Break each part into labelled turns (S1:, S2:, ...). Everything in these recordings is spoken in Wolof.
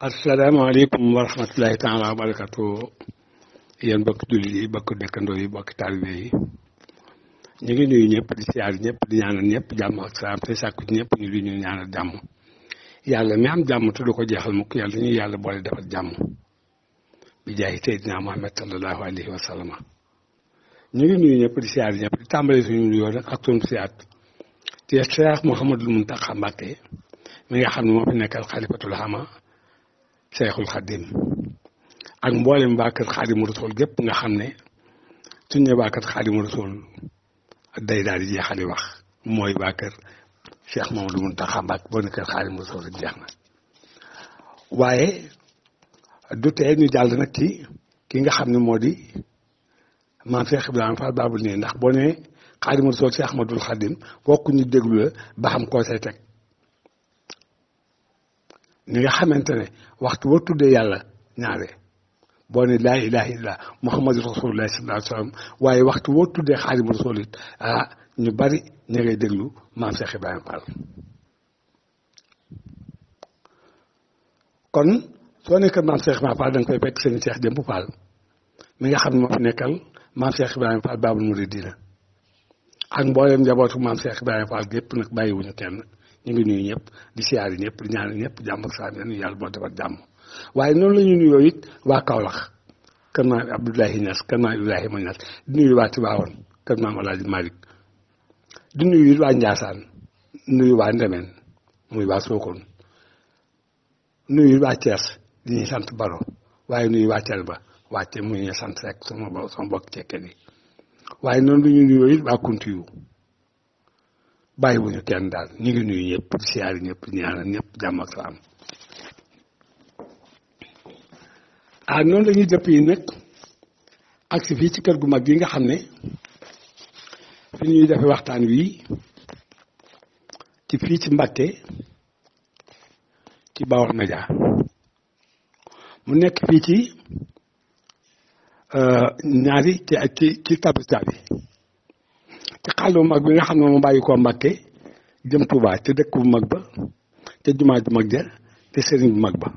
S1: asalaamaaleykum wa rahmatulahi taala wa barakatu yéen bokk jullit yi bokk dëkkandoo yi bokk taalibe ñu ngi nuyu ñëpp di siyaar ñëpp di ñaanal ñëpp jàmm ak salaam te sàkku ci ñëpp ñu li ñu ñaanal jàmm yàlla mi am jàmm te du ko jeexal mukk yàlla ñu yàlla boole defal jàmm bi jaay Seydina Muhammad sallallahu alayhi wa ñu ngi nuyu ñëpp di siyaar ñëpp di tàmbale suñu nuyoo nag ak suñu siyaat te Cheikh Mouhamadul Mountakha Mbacké mi nga xam ne moo fi nekkal xalifatul xama Cheikhul Khadim ak mboolem waa kër Xaadimu Rasuul gépp nga xam ne suñu ne waa kër Xaadimu Rasuul day daal di jeexali wax mooy waa kër Cheikh Mouhamadul Mountakha Mbacké boo ne kër Xaadimu Rasuul jeex na waaye du tee ñu jàll nag ci ki nga xam ni moo di. maam Cheikh Ibrahima Fall Baabul nii ndax boo nee Xaadimu Rasuul si Ahmadul Xaadim fokk ñu déglu la ba xam koo say teg ni nga xamante ne waxtu woo tuddee yàlla ñaare boo ne laa ilaha illallah muhammadu rasulullah sallallahu alayhi waaye waxtu woo tuddee Xaadimu Rasuul it ah, ñu bari ñu ngay déglu maam Cheikh Ibrahima Fall kon soo nekk maam Cheikh Ibrahima Fall da nga koy fekk sëñ Cheikh Jëmb Fall mi nga xam ne moo fi nekkal maam Cheikh Ibrahima Fall Baabul Muridiina ak mboolem njabootu maam Cheikh Ibrahima Fall gépp nag bàyyiwuñu kenn ñu ngi nuyu ñëpp di siyaari ñëpp di ñaan ñëpp jàmm ak saam yéen yàlla boo defal jàmm waaye noonu la ñu nuyoo it waa Kaolack kër maam Abdoulaye Niass kër maam Ibrahima Niass di nuyu waa Tivaouane kër maam El Hadj di nuyu it waa Ndiassane nuyu waa Ndemeen muy waa Sokone nuyu it waa Thiès di ñuy sant Baro waaye nuyu waa Thiel ba. wàcce mu ngi sant rek sama bo sama bokk cekke bi waaye noonu lu ñu nuyoo it waa kunti yu bàyyi wuñu kenn daal ñu ngi nuyu ñëpp siyaari ñëpp ñaanal ñëpp jàmm ak salaam ah noonu la ñuy yi nag ak si fii ci kër gu mag yi nga xam ne fi ñuy defee waxtaan wi ci fii ci Mbàkke ci Baol Média mu nekk fii ci Euh, ñaari ci ci ci tabita bi ci xàll bu mag bi nga xam ne mu bàyyi koo Mbàkke jëm Tuubaa te dëkk bu mag ba te jumaa ju mag te sëriñ bu mag ba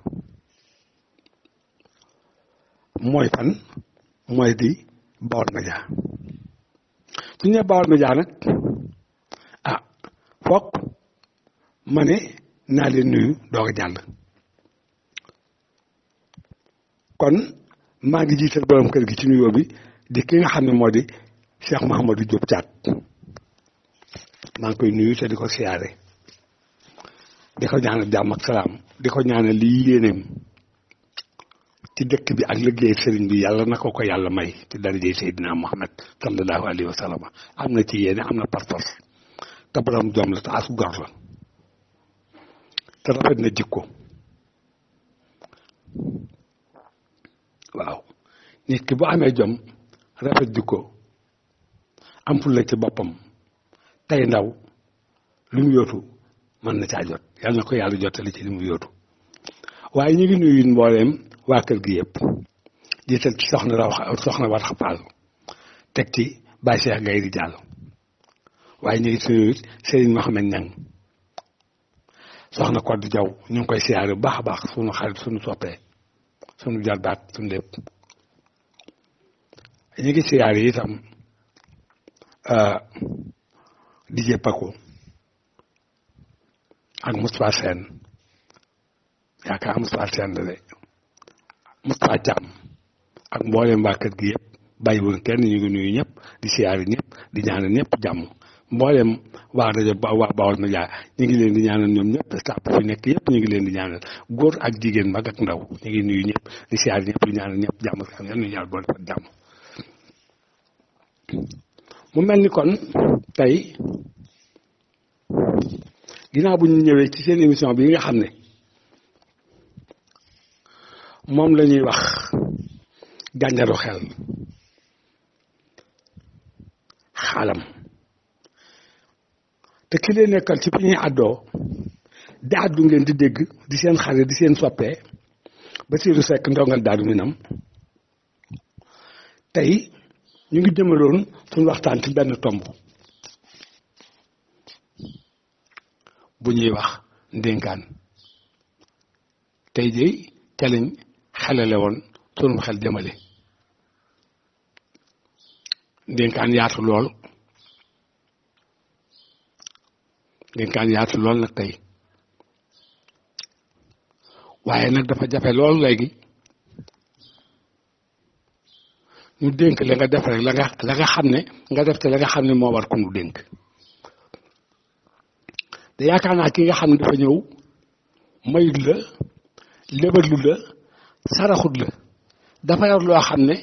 S1: mooy fan mooy di Baol Médias su ñëwee Baol Médias nag ah fokk ma ne naa nuyu doog a jàll kon maa ngi jiital borom kër gi ci nuyoo bi di ki nga xam ne moo di Cheikh Mouhamadou Diop Thiat maa ngi koy nuyu te di ko siyaare di ko ñaanal jàmm ak salaam di ko ñaanal lii yéeneem ci dëkk bi ak liggéey sëriñ bi yàlla na ko ko yàlla may ci darajey Seydina Muhammad sallallahu am wa sallam am na ci yéene am na pas-pas te borom doom la te as gor la te rafet na jikko waaw nit ki boo amee jom rafet jikko am fulla ci boppam tey ndaw lu mu yootu mën na caa jot yàlla na ko yàlla jottali ci li mu yootu waaye ñu ngi nuyu mbooleem waa kër gi yëpp jiital ci soxna raw soxna war xapaal teg ci Baye Cheikh Gaye di jàll waaye ñu ngi suñu Serigne Mouhamed Niang soxna Codé jaw ñu ngi koy siyaare bu baax a baax suñu xarit suñu soppee sunu jarbaat sunu lépp ñu ngi siyaare itam euh, DJ Paco ak Moustapha Sène yaakaar Moustapha Sène la de Moustapha Thiam ak mboolem waa kër gi yëpp bàyyi woon kenn ñu ngi nuyu ñëpp di siyaare ñëpp di ñaanal ñëpp jàmm mboolem waa na waa Baol ñu ngi leen di ñaanal ñoom ñëpp staff fi nekk yëpp ñu ngi leen di ñaanal góor ak jigéen mag ak ndaw ñu ngi nuyu ñëpp di siyaar ñëpp di ñaanal ñëpp jàmm fa jàmm. mu mel ni kon tey ginnaaw bu ñu ñëwee ci seen émission bi yi nga xam ne moom la ñuy wax gànjaru xel xaalam. te ki nekkal ci fi ñuy àddoo di àddu ngeen di dégg di seen xarit di seen soppee Bassirou Seck ndongal daaru nam tey ñu ngi jëmaloon suñu waxtaan ci benn tomb bu ñuy wax ndénkaan tey jii ca lañ xelale woon sunu xel jëmale ndénkaan yaatu lool ngeen kaan yaatu lool nag tey waaye nag dafa jafe lool léegi ñu dénk la nga def rek la nga xam ne nga def te la nga xam ne moo war ko nu dénk te yaakaar naa ki nga xam ne dafa ñëw mayut la lébalu la saraxut la dafa yor loo xam ne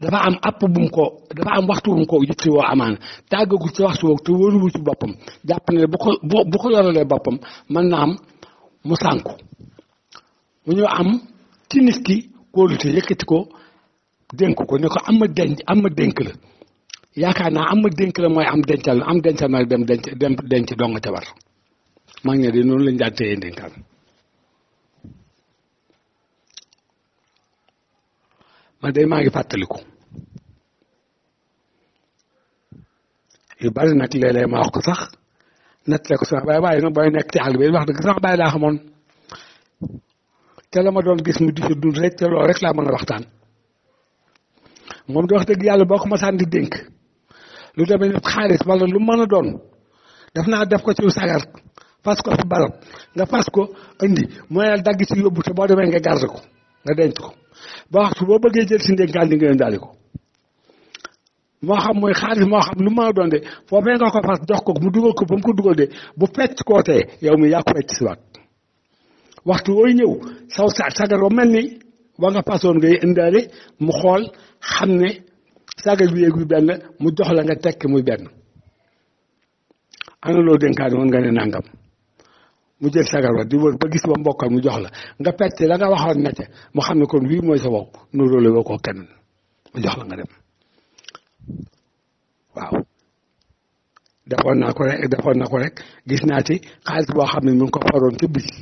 S1: dafa am app bu ko dafa am waxtu bu mu ko yitti woo amaana tàggagul ci waxtu woowu te wóoruwul ci boppam jàpp ne bu ko bu ko yoralee boppam man na am mu sànku mu ñëw am ci nit ki kóolute yëkkati ko dénk ko ne ko am ma denc am ma dénk la yaakaar naa am ma dénk la mooy am dencal am dencal nag dem denc dem denc dong ca war maa ngi de noonu lañ daan téye dénkaan man de maa ngi fàttaliku yu bari nag léeg ma wax ko sax nettali ko sama baay waaye na booy nekk ci àll bi wax dëgg sama baay laa xamoon te la ma doon gis mu di ci dund rek laa mën a waxtaan moom di wax dëgg yàlla boo ko masaan di dénk lu deme ne xaalis wala lu mën a doon daf naa def ko ci sagar fas ko fi barab nga fas ko indi mooy dagg ci yóbbu te boo demee nga garde ko nga denc ko ba waxtu boo bëggee jël si ndénkaan di nga yóndaale ko moo xam mooy xaalis moo xam lu ma doon de foofee nga ko fas jox ko mu dugal ko ba mu ko dugal de bu fecc kootee yow mi yaa ko fecc si waat waxtu wooy ñëw saw sa sagar ba mel ni wa nga fasoon ngay indaale mu xool xam ne sagar bi yéeg bi benn mu jox la nga tekki muy benn ana loo dénkaane woon nga ne nangam mu jël sagar wa di wër ba gis ba mbokkal mu jox la nga fecc la nga waxoon na ca mu xam ne kon wii mooy sa wow nu roole woo ko kenn mu jox la nga dem waaw defoon naa ko rek defoon na ko rek gis naa ci xaalis boo xam ne mu ngi ko faroon ci biti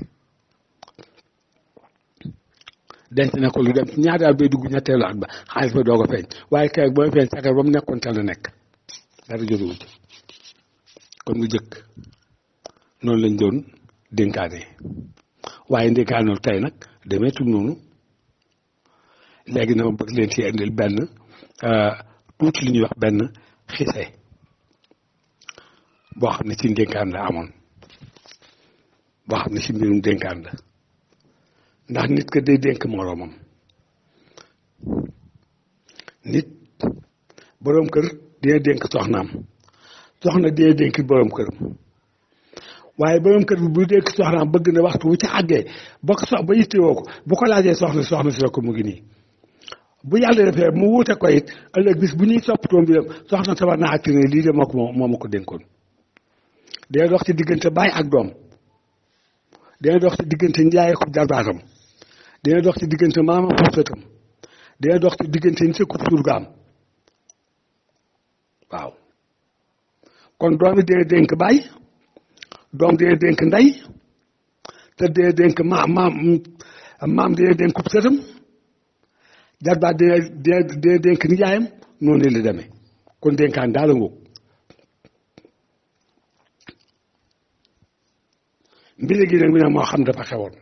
S1: denc na ko lu dem ci ñaari at bay dugg ñetteelu at ba xaalis ba doog a feeñ waaye keroog ba mu feeñ sagar ba mu nekkoon ca nekk dara jotuwu ci kon mu jëkk noonu lañ doon dénkaane waaye ndénkaanul tay nag demeetul noonu léegi na ma bëgg leen ci indil benn euh, tuuti li ñuy wax benn xise boo xam ne ci ndénkaan la amoon boo xam ne ci mbirum dénkaan la ndax nit ka day dénk moroomam nit boroom kër dina dénk soxnaam soxna dina dénki boroom këram waaye boroom kër bi bu dénk soxnaam bëgg na waxtu wu ci àggee ba ko sox ba yittewoo ko bu ko laajee soxna soxna si la ko mu ngi nii bu yàlla defee mu wuute ko it bis bu ñuy toppatoon bi dem soxna na war naa àtt ne lii de moo moom moo ma ko dénkoon day dox ci diggante baay ak doom day dox ci diggante njaay ko jarbaatam day dox ci diggante maama ko dox ci diggante ñi ko surgaam waaw kon doom yi dénk baay doom day dénk ndey te day dénk maam maam maam day dénk sëtam jarbaat dina dina dina dénk nijaayam noonu la demee kon dénkaan daal la ngoog mbir gi nag moo xam dafa xewoon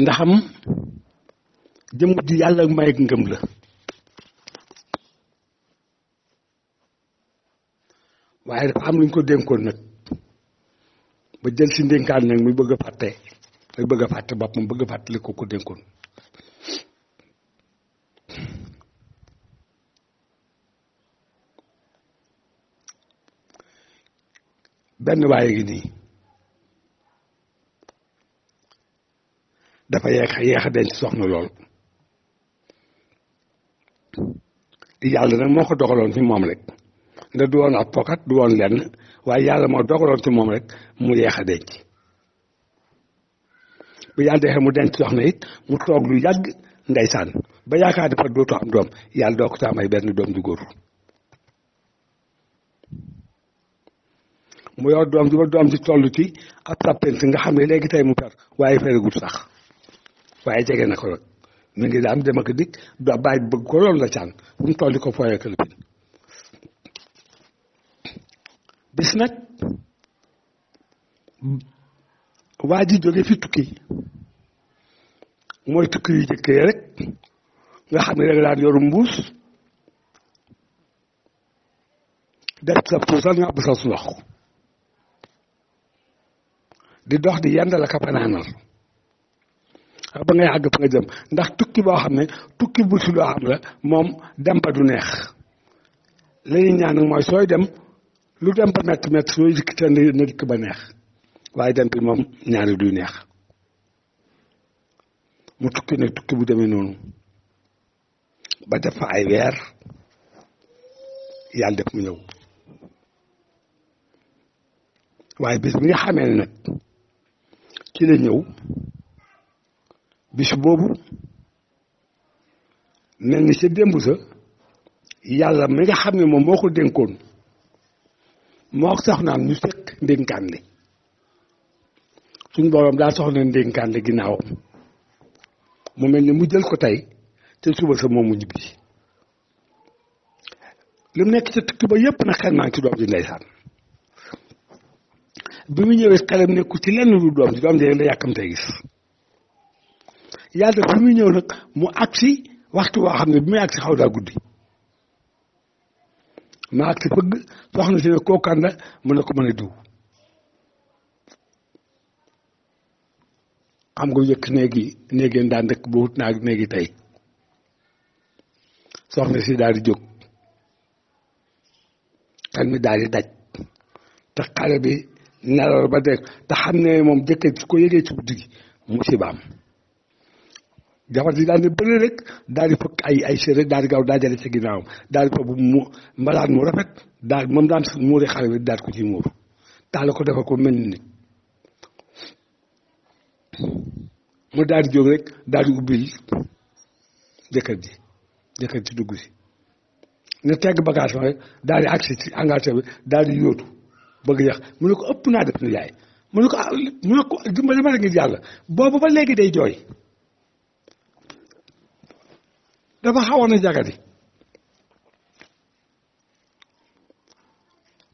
S1: ndaxam jëm di yàlla may ngëm la waaye dafa am lu ñu ko dénkoon nag ba jël si ndénkaan nag muy bëgg a fàtte muy bëgg fàtte boppam bëgg a fàttali ko ko dénkoon benn waaye gi nii dafa yeex yeex a denc soxna lool yàlla nag moo ko dogaloon fi moom rek nda du woon ak pokat du woon lenn waaye yàlla moo dogaloon ci moom rek mu yeex a denc bu yàlla dexe mu denc soxna it mu toog lu yàgg ndeysaan ba yaakaar dafa dootoo am doom yàlla doo ko ci am ay benn doom ju góor mu yor doom ji ba toll ci ab sàppent nga xam ne léegi tey mu per waaye feragul sax waaye jege na ko rek mu ngi daam dem ak dikk da bàyyi bëgg ko loolu la caan fu mu toll ko fooyee kalpin bis nag waa ji jóge fi tukki mooy tukki yu jëkkee rek nga xam ne rek daan yoru mbuus def sa puusal nga bu sa ndox di dox di yendal ak a banaanal ba ngay àgg fa nga jëm ndax tukki boo xam ne tukki bu si loo xam la moom dem ba du neex li ñaan mooy sooy dem lu dem ba métti métti sooy dikk te na dikk ba neex waaye dem bi moom ñaari duy neex mu tukki nag tukki bu demee noonu ba def ay weer yàlla def mu ñëw waaye bis bi nga xamee ne nag ci ñëw bis boobu mel ni sa démb sa yàlla mi nga xam ne moom moo ko dénkoon moo sax naan ñu sëq ndénkaan li suñ boroom daa soxla ndénkaan li ginnaawam mu mel ni mu jël ko tey te suba sa moom mu ñibbi lu nekk ci tuba yëpp nag xel maa ngi doom ji ndeysaan bi mu ñëwee xelam nekku ci lenn lu doom ji doom ji la yàkkamtee gis yàlla bi muy ñëw nag mu agsi waxtu waa xam ne bi muy agsi xaw daa guddi ma ak si fëgg soxna si ne koo kan la mu ne ko mën a diw xam nga yëkk néegi néegeen daan dëkk ba wut naag néegi tey soxna si daal di jóg xel mi daal di daj te xale bi nelaw ba dégg te xam ne moom jëkkër su ko yëgee ci guddi gi musibaam jabar ji daal ne rek daal di fëkk ay ay séeréer daal di gaaw daajale ci ginnaawam daal di fa bu mu mbalaan mu rafet daal moom daan muuri xale bi daal ko ci muur taal ko defal ko mel ni nit mu daal di jóg rek daal di ubbil jëkkër ji jëkkër ji dugg si ne tegg bagage rek daal di agsi ci engagé bi daal di yóotu bëgg yàq mu ne ko ëpp naa def ni yaay mu ne ko ah, mu ne ko dimbali ma rek ngir yàlla boobu ba léegi day jooy dafa xawoon a jagadi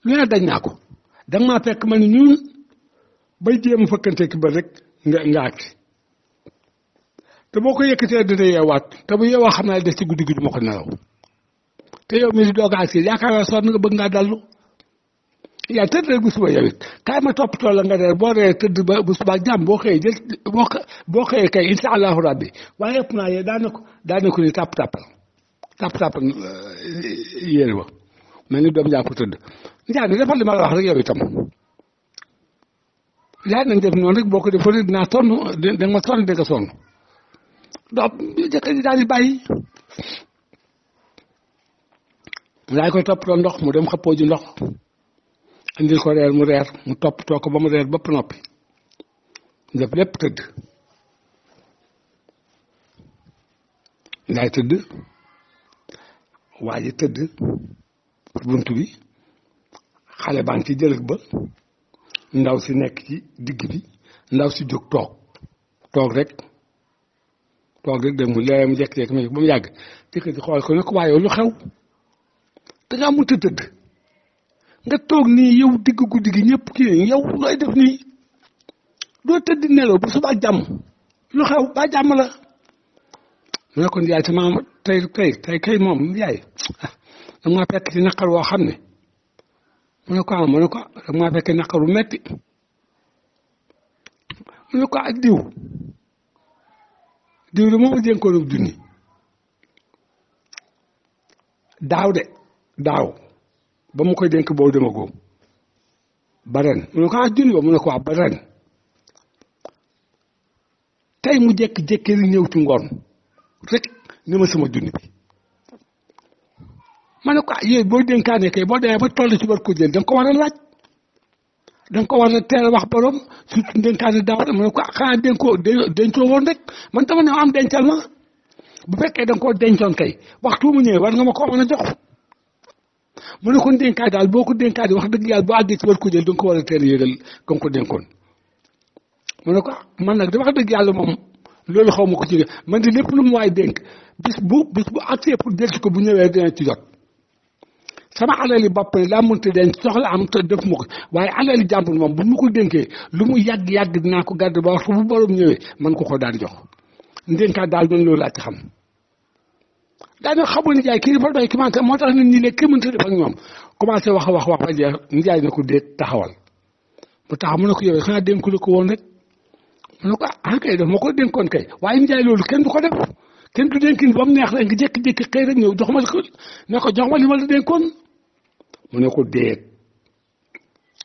S1: lu ne dañ naa ko danga maa fekk ma ni ñun ba jéem fëkkante ki ba rek nga nga agsi te boo ko yëkkatee dina yeewaat te bu yeewaa xam naa des ci guddi gi du ma ko nelaw te yow mi di doog a agsi yaakaar naa sonn nga bëgg ngaa dallu yaa tëdd bu suba yow kaay ma toppatoo la nga reer boo reer tëdd ba bu subaa jàmm boo xëyee boo boo xëyee kay incha allahu rabbi waaye yëpp naa yee daanaka daanaka ni tàpp tàppal tàpp tàppal euh, yéen wa ni doom yaa ko tëdd njaa ni defal li wax rek yow itam yaa nañ def noonu rek boo ko defoon dinaa sonn da nga sonn da nga sonn donc jëkkër ji daal di bàyyi ndox mu dem xëppoo ji ndox indil ko reer mu reer mu toppatoo ko ba mu reer bopp noppi def lépp tëdd ndaay tëdd waa ji tëdd bunt bi xale baa ngi ci jëlëg ba ndaw si nekk ci digg bi ndaw si jóg toog toog rek toog rek dem mu leer mu jekk-jekk ma ba mu yàgg jëkkër ji xool ko ne ko lu xew da ngaa mënta tëdd nga toog nii yow digg guddi gi ñëpp kii yow looy def nii doo tëdd nelaw bu subaa jàmm lu xew ba jàmm la mu ne kon yaay sama tey tey tey moom ah, woo xam ne mu ne ko ah mu ne ko danga maa fekk naqar bu metti mu ne ko ak ah, diw diw de moom a dénkoon daaw de daaw ba mu koy denk boobu dama ko ba ren mu ne ko ah jënd ba mu ne ko wax ah, ba ren tey mu jékki-jékki rek ñëw ci ngoon rek ni ma sama dund bi ma ne ko ah yéen boo dénkaane kay boo demee ba toll ci war ko jël da nga ko war a laaj da ko war a teel a wax borom surtout dénkaane daaw rek ma ne ko ah xanaa dénkoo dencoo woon rek man dama am dencal ma bu fekkee da koo dencoon kay waxtu mu ñëwee war nga ma ko mën a jox. mu ne ko dénkaay daal boo ko dénkaay wax dëgg yàlla boo àggee ci ko jël du nga ko war a dénkoon mu ne ko man nag da wax dëgg yàlla moom loolu xaw ma ko ci man di lépp lu mu waay dénk bis bu bis bu àgsee pour denc ko bu ñëwee dina ci jot sama alali bopp laa mënta denc soxla am te def ma ko waaye alali jàmbur moom bu mu ko dénkee lu mu yàgg-yàgg dinaa ko garde ba wax bu borom ñëwee man ko ko daan jox ndénkaay daal noonu loolu laa ci xam daañu xamul ni jaay kii dafa doy ki mante moo tax nit ñi ne kii mënta def ak ñoom commencé wax wax wax ba jeex ni jaay na ko déet taxawal mu taxaw mu ne ko yow xanaa dénku la ko woon rek mu ne ko ah ko dénkoon kay waaye ni jaay loolu kenn du ko def kenn du dénkin ba mu neex rek nga jékki-jékki xëy rek ñëw jox ma ko ne ko jox ma li ma la dénkoon mu ne ko déet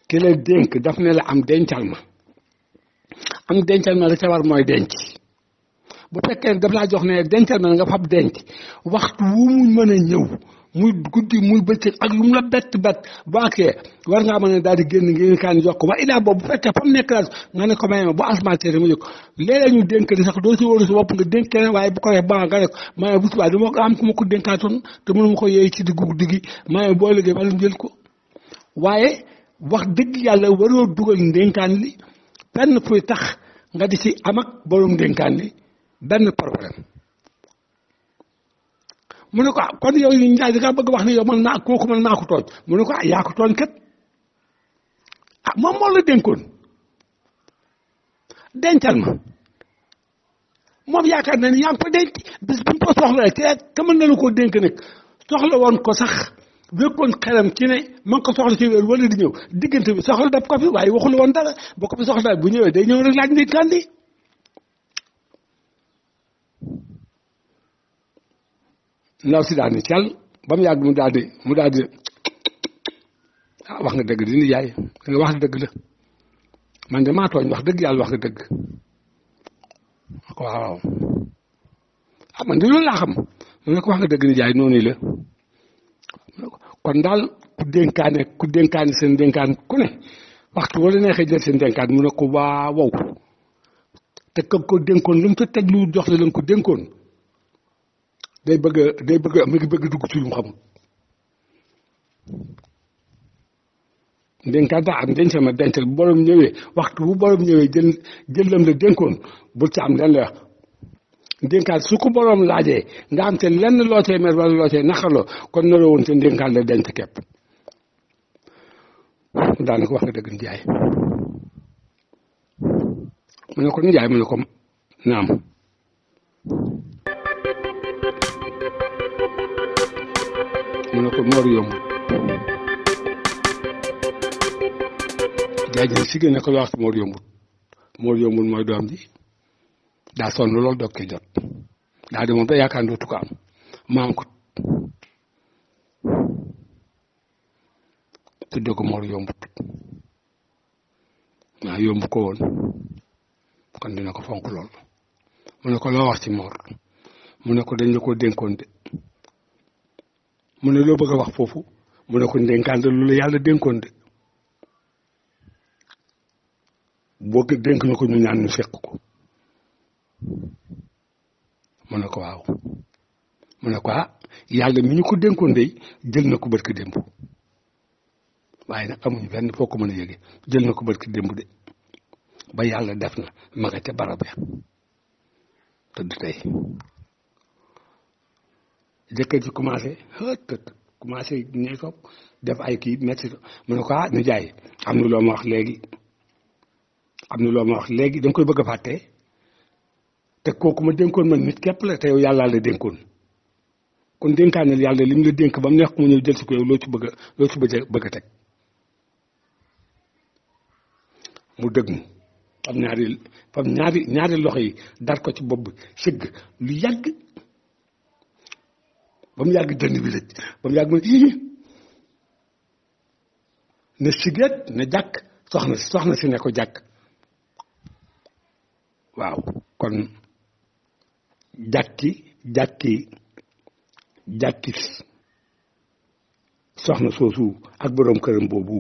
S1: ki la dénk daf ne la am dencal ma am dencal ma la ca mooy denc. bu fekkee daf laa jox ne dencal na nga fab denc waxtu wu mu mën a ñëw muy guddi muy bëccëg ak lu mu la bett bett bu yee war ngaa mën a daal di génn ngeen kaan yokk wa ilaa boobu bu fekkee fa nekk daal nga ne ko may ma bu asamaan ñu dénk di sax doo ci wóolu sa bopp nga dénk keneen waaye bu ko defee ba nga rek maa ngi bu am ku ma ko dénkaatoon te mënu ma ko yee ci diggu guddi gi maa ngi boo liggéey ba mu jël ko waaye wax dëgg yàlla waroo dugal ndénkaan li fenn fuy tax nga di ci am ak borom ndénkaan li benn problème mu ne ko ah, kon yow yu njaay da ngaa bëgg wax ne yow man naa kooku man naa ko tooñ mu ne ko ah, yaa ko tooñ kat ah moom moo la dénkoon dencal ma moom yaakaar na ni yaa ngi bis bu ñu ko soxla te ka mën na koo dénk nag soxla woon ko sax wékkoon xelam ci ne man ko soxla ci wér wala di ñëw diggante bi soxla dab ko fi waaye waxul woon dara boo ko fi soxla bu ñëwee day ñëw rek laaj ndénkaan ndaw si daal ni cal ba mu yàgg mu daal di mu daal di ah wax nga dëgg di ni yaay nga wax dëgg la man de maa tooñ wax dëgg yàlla wax nga dëgg waaw ah, man de loolu laa mu ne wax nga dëgg ni yaay la kon daal ku dénkaane ku dénkaane seen dénkaan ku ne waxtu wala neexee jël seen dénkaan mu ne ko waa wow te ko ko dénkoon lu mu ca teg lu jox la ko dénkoon. day bëgg a day bëgg am ngi bëgg dugg ci lu mu xamul ndénkaata ak ndenc ma dencal bu borom ñëwee waxtu bu borom ñëwee jël jëlam la dénkoon bu ca am lenn la ndénkaat su ko borom laaje nga am te lenn lootee mer wala lootee naxaloo kon naroo woon te ndénkaat la denc képp daanaka wax nga dëgg njaay mu ne ko njaay mu ne ko naam. mu ne ko moor yomb jaajëf si gën a ko wax yombut moor yombul mooy doom ji daa sonn lool doog ci jot daa demoon ba yaakaar dootu ko am maam ko tudde ko moor yombut waaw yombu ko woon kon dina ko fonk mu ne ko loo wax ci moor mu ne dañ la ko dénkoon de mu ne loo bëgg a wax foofu mu ne ko ndénkaan la lu la yàlla dénkoon de boo dénk na ko ñu ñaan ñu seq ko mu ne ko waaw mu ne ko ah yàlla mi ñu ko dénkoon de jël na ko bët ki waaye nag amuñu benn foo ko mën a yëge jël na ko bët ki démb de ba yàlla def na ma nga ca barab ya tëdd tey jëkkër ci commencé commencé ne def ay kii métti mu ne ko ah nijaay am na loo ma wax léegi am na loo ma léegi da koy bëgg a fàtte te kooku ma dénkoon man nit képp la te yow yàllaa la dénkoon kon dénkaaneel yàlla li mu la dénk ba mu neex ko mu ñëw jël si ko yow loo ci bëgg a loo bëgg a teg mu dëgg mu fam ñaari fam ñaari ñaari loxo yi dar ko ci bopp bi sëgg lu yàgg. ba mu yàgg dënn bi ba mu yàgg mu ne ii ne siget ne jàkk soxna si soxna si ne jàkk waaw kon jàkki jàkki jàkki soxna soosu ak boroom këram boobu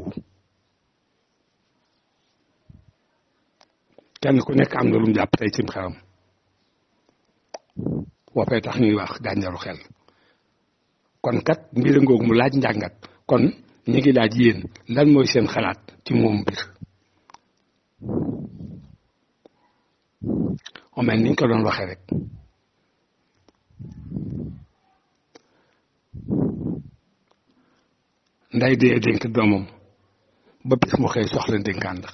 S1: kenn ku nekk am na lu jàpp tey cim xelam woppee tax ñuy wax gànjaru xel kon kat mbir ngoog mu laaj njàngat kon ñu ngi laaj yéen lan mooy seen xalaat ci moom mbir omel niñ ko doon waxee rek nday dee dénk doomam ba bis mu xëy soxla dénkaan ndax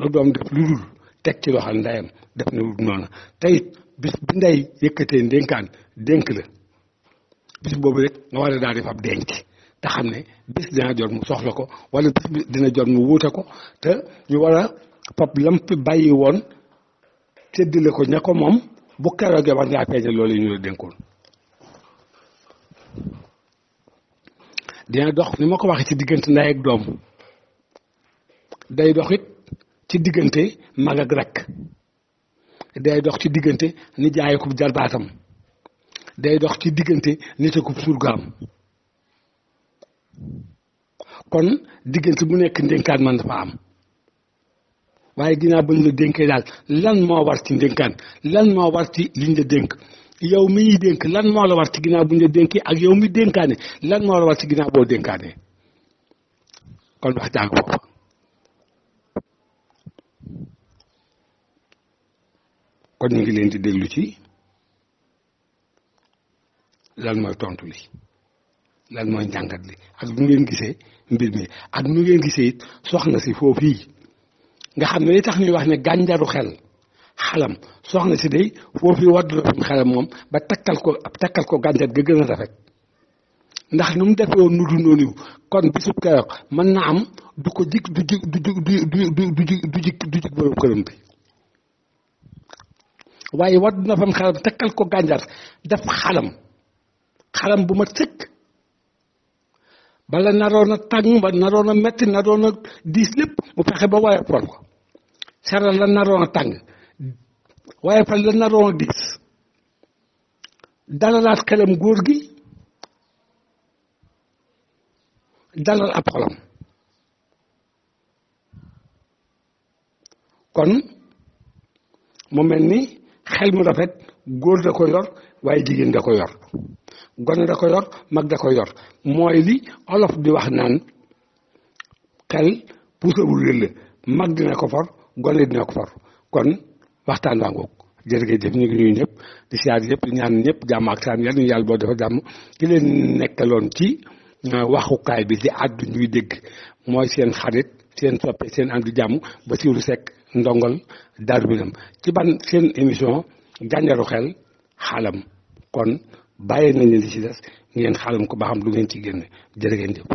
S1: lu doom def lu dul teg ci loxal ndayam def na wut noonu tey bis bi nday yëkkatee dénkaan dénk la bis boobu rek nga war a daal di fab denc te xam ne bis dina jot mu soxla ko wala bis dina jot mu wuute ko te ñu war a fab lam bàyyi woon séddale ko ña ko moom bu keroogee war ngaa feeñal loolu ñu la dénkoon dina dox ni ma ko waxee ci diggante ndey ak doom day dox ci diggante mag ak rakk day dox ci diggante nijaay ko jarbaatam day dox ci diggante nit ak surgaam kon diggante bu nekk ndénkaan man dafa am waaye ginnaaw bañ la dénkee daal lan moo war ndénkaan lan moo war ci liñ la dénk yow mi ñuy dénk lan moo la war ci ginnaaw buñ la dénkee ak yow mi dénkaane lan moo la war ci ginnaaw boo dénkaane kon wax jàng foofu kon ñu ngi leen di déglu ci lan mooy tontu li lan mooy njàngat li ak nu ngeen gisee mbir mi ak nu ngeen gisee soxna si foofu foofii nga xam ne li tax ñuy wax ne gànjaru xel xalam soxna si day foofii waddu la xelam moom ba takkal takkal ko gànjar ga gën a ndax nu mu defee woon nu du mën na am du ko jik du jik du jik du këram bi waaye waddu na fam xelam takkal ko gànjar def xalam xaram bu ma sëkk bala naroon a tàng ba naroon a metti naroon diis lépp mu fexe ba woyofal ko saral la naroon a tàng woyofal la naroon a diis dalalaat xelam góor gi dalal ab xolam kon mu mel ni xel mu rafet góor da ko yor waaye jigéen da ko yor gone da ko yor mag da ko yor mooy li olof di wax naan xel puusawul wélla mag dina ko for gone dina ko for kon waxtaan waa ngoog jërëjëf ñu ngi ñëpp di siyaar ñëpp di ñaan ñëpp jàmm ak saam yal yàlla boo dafa jàmm ki leen nekkaloon ci euh, waxukaay bi di àddu ñuy dégg mooy seen xarit seen soppe seen am di jàmm ba siiru sekk ndongol Darou Minam ci ban seen émission gànjaru xel xaalam kon bàyyi nañ li ci des ngeen xaalam ko ba xam du ngeen ci génne jërë ngeen jëf